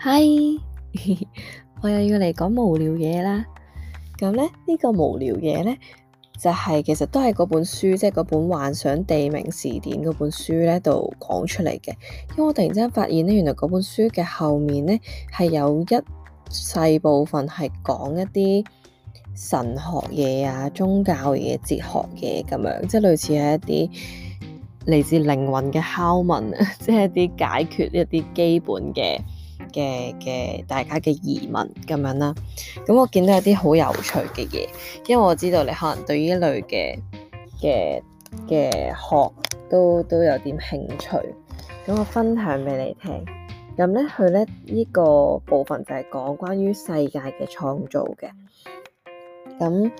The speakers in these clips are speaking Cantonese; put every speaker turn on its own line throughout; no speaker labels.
嗨，Hi, 我又要嚟講無聊嘢啦。咁咧呢、呢個無聊嘢咧，就係、是、其實都係嗰本書，即係嗰本幻想地名時典嗰本書咧度講出嚟嘅。因為我突然之間發現咧，原來嗰本書嘅後面咧係有一細部分係講一啲神學嘢啊、宗教嘢、哲學嘢咁樣，即係類似係一啲嚟自靈魂嘅拷問，即係一啲解決一啲基本嘅。嘅嘅大家嘅疑問咁樣啦，咁我見到有啲好有趣嘅嘢，因為我知道你可能對呢一類嘅嘅嘅學都都有點興趣，咁我分享俾你聽。咁咧，佢咧呢個部分就係講關於世界嘅創造嘅。咁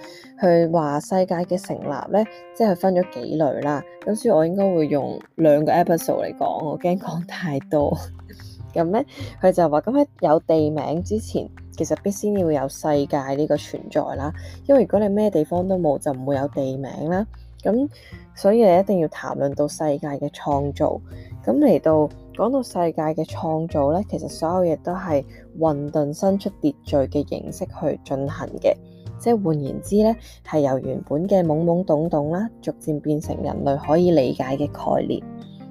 佢話世界嘅成立咧，即係分咗幾類啦。咁所以我應該會用兩個 episode 嚟講，我驚講太多。咁咧，佢就話：咁喺有地名之前，其實必先要有世界呢個存在啦。因為如果你咩地方都冇，就唔會有地名啦。咁所以你一定要談論到世界嘅創造。咁嚟到講到世界嘅創造咧，其實所有嘢都係混沌生出秩序嘅形式去進行嘅。即係換言之咧，係由原本嘅懵懵懂懂啦，逐漸變成人類可以理解嘅概念。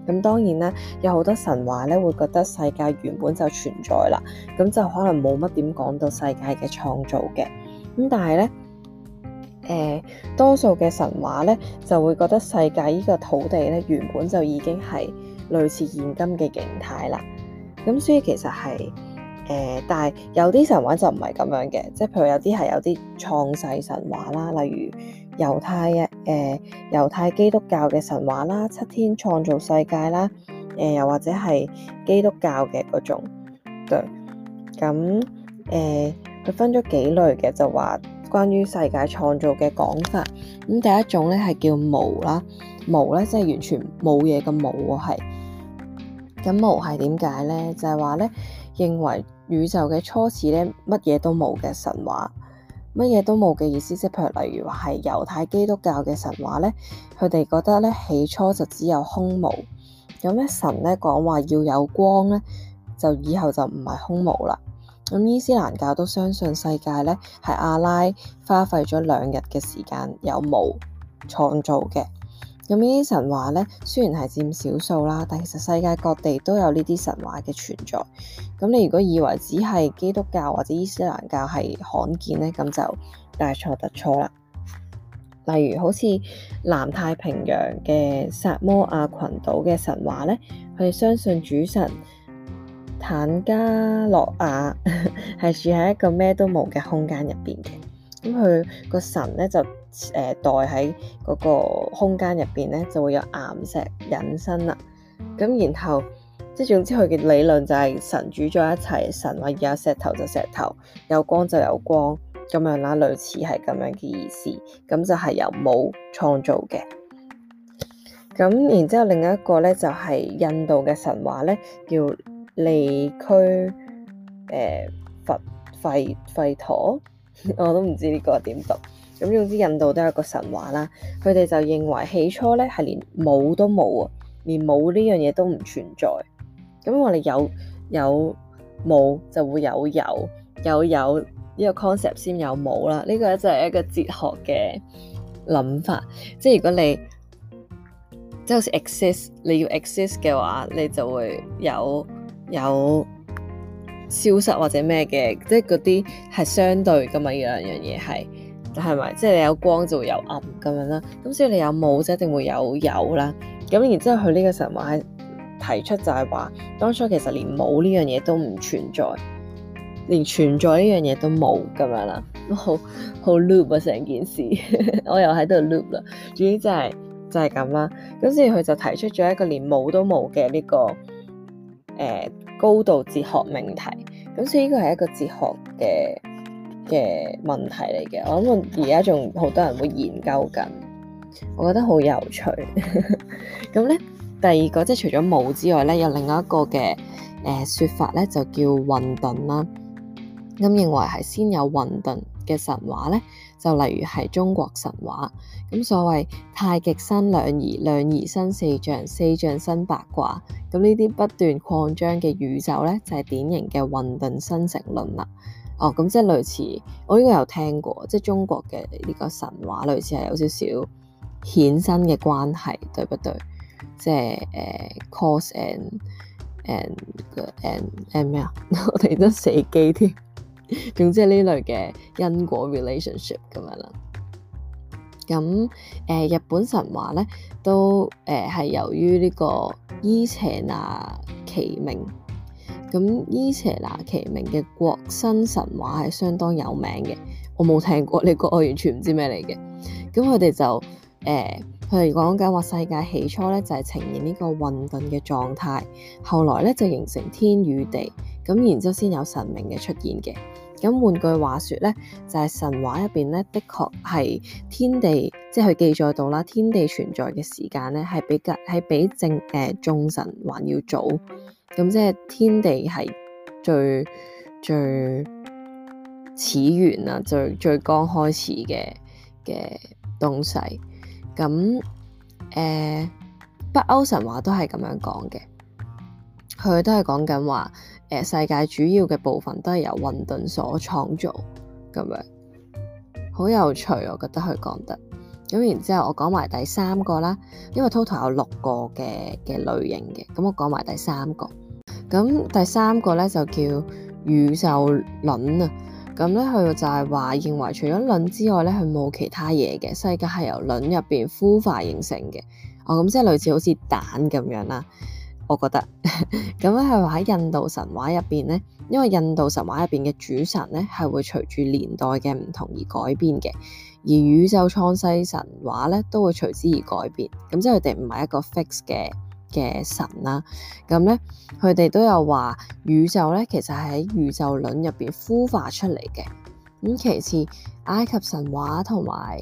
咁當然啦，有好多神話咧會覺得世界原本就存在啦，咁就可能冇乜點講到世界嘅創造嘅。咁但係咧，誒、呃、多數嘅神話咧就會覺得世界依個土地咧原本就已經係類似現今嘅形態啦。咁所以其實係誒、呃，但係有啲神話就唔係咁樣嘅，即係譬如有啲係有啲創世神話啦，例如。猶太嘅誒，猶太基督教嘅神話啦，七天創造世界啦，誒、呃、又或者係基督教嘅嗰種，對，咁誒佢分咗幾類嘅，就話關於世界創造嘅講法。咁第一種咧係叫無啦，無咧即係完全冇嘢嘅無喎、啊，係。咁無係點解咧？就係話咧，認為宇宙嘅初始咧，乜嘢都冇嘅神話。乜嘢都冇嘅意思，即係譬如例如話係猶太基督教嘅神話咧，佢哋覺得咧起初就只有空無，咁咧神咧講話要有光咧，就以後就唔係空無啦。咁伊斯蘭教都相信世界咧係阿拉花費咗兩日嘅時間有無創造嘅。咁呢啲神話咧，雖然係佔少數啦，但其實世界各地都有呢啲神話嘅存在。咁你如果以為只係基督教或者伊斯蘭教係罕見咧，咁就大錯特錯啦。例如好似南太平洋嘅薩摩亞群島嘅神話咧，佢哋相信主神坦加洛亞係 住喺一個咩都冇嘅空間入邊嘅。咁佢個神咧就～誒，待喺嗰個空間入邊咧，就會有岩石隱身啦。咁然後即係總之，佢嘅理論就係神主咗一齊，神話而家石頭就石頭，有光就有光咁樣啦，類似係咁樣嘅意思。咁就係由冇創造嘅。咁然之後，另一個咧就係、是、印度嘅神話咧，叫利區誒、呃、佛吠吠陀， 我都唔知呢個點讀。咁總之，印度都有一個神話啦。佢哋就認為起初呢係連冇都冇啊，連冇呢樣嘢都唔存在。咁我哋有有冇就會有有有有呢個 concept 先有冇啦。呢個呢就係一個哲學嘅諗法。即係如果你即係好似 exist，你要 exist 嘅話，你就會有有消失或者咩嘅。即係嗰啲係相對噶嘛，呢兩樣嘢係。係咪？即係你有光就會有暗咁樣啦。咁所以你有冇就一定會有有啦。咁然之後佢呢個神話係提出就係話，當初其實連冇呢樣嘢都唔存在，連存在呢樣嘢都冇咁樣啦。都好好 loop 啊，成件事。 我又喺度 loop，就是就是，這啦。總之就係就係咁啦。咁所以佢就提出咗一個連冇都冇嘅呢個誒、呃、高度哲學命題。咁所以呢個係一個哲學嘅，嘅問題嚟嘅，我諗而家仲好多人會研究緊，我覺得好有趣。咁 咧，第二個即係除咗冇之外咧，有另一個嘅誒説法咧，就叫混沌啦。咁認為係先有混沌嘅神話咧，就例如係中國神話。咁所謂太極生兩儀，兩儀生四象，四象生八卦。咁呢啲不斷擴張嘅宇宙咧，就係、是、典型嘅混沌生成論啦。哦，咁即係類似，我、哦、呢、這個有聽過，即係中國嘅呢個神話，類似係有少少衍生嘅關係，對不對？即係、呃、cause and and and and 咩啊？ 我哋都死機添。 總之係呢類嘅因果 relationship 咁樣啦。咁誒、呃、日本神話呢，都誒係、呃、由於呢個伊邪那岐命。咁伊邪那奇名嘅國生神話係相當有名嘅，我冇聽過呢個，我完全唔知咩嚟嘅。咁佢哋就誒，佢哋講緊話世界起初咧就係、是、呈現呢個混沌嘅狀態，後來咧就形成天與地，咁然之後先有神明嘅出現嘅。咁換句話說咧，就係、是、神話入面咧，的確係天地即係佢記載到啦，天地存在嘅時間咧係比較係比正呃、眾神還要早。咁即係天地係最最始源啊，最最剛開始嘅嘅東西。咁、呃、北歐神話都係咁樣講嘅，佢都係講緊話世界主要嘅部分都係由混沌所創造咁樣，好有趣，我覺得佢講得。咁然之後我講埋第三個啦，因為 total 有六個嘅嘅類型嘅，咁我講埋第三個。咁第三個咧就叫宇宙論啊，咁咧佢就係話認為除咗卵之外咧，佢冇其他嘢嘅世界係由卵入邊孵化形成嘅。哦，咁、嗯、即係類似好似蛋咁樣啦，我覺得。咁咧佢話喺印度神話入面呢，因為印度神話入面嘅主神呢，係會隨住年代嘅唔同而改變嘅，而宇宙創世神話呢，都會隨之而改變。咁、嗯、即係佢哋唔係一個 fix 嘅。嘅神啦、啊，咁咧佢哋都有話宇宙咧，其實係喺宇宙輪入邊孵化出嚟嘅。咁其次，埃及神話同埋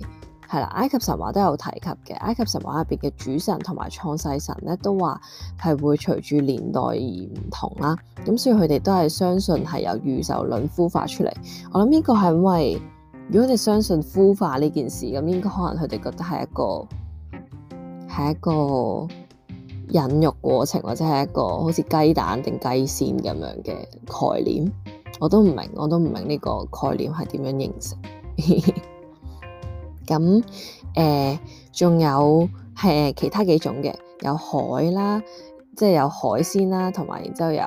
係啦，埃及神話都有提及嘅。埃及神話入邊嘅主神同埋創世神咧，都話係會隨住年代而唔同啦。咁、嗯、所以佢哋都係相信係由宇宙輪孵化出嚟。我諗呢個係因為如果你相信孵化呢件事咁，應該可能佢哋覺得係一個係一個引育過程或者係一個好似雞蛋定雞先咁樣嘅概念，我都唔明，我都唔明呢個概念係點樣形成。咁 誒，仲、呃、有係其他幾種嘅，有海啦，即、就、係、是、有海鮮啦，同埋然之後有，有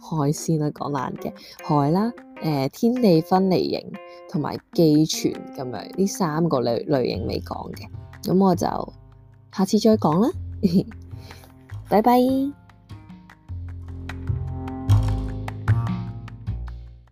海鮮啦，講爛嘅海啦，誒、呃、天地分離型同埋寄存咁樣呢三個類型未講嘅，咁我就下次再講啦。 拜拜。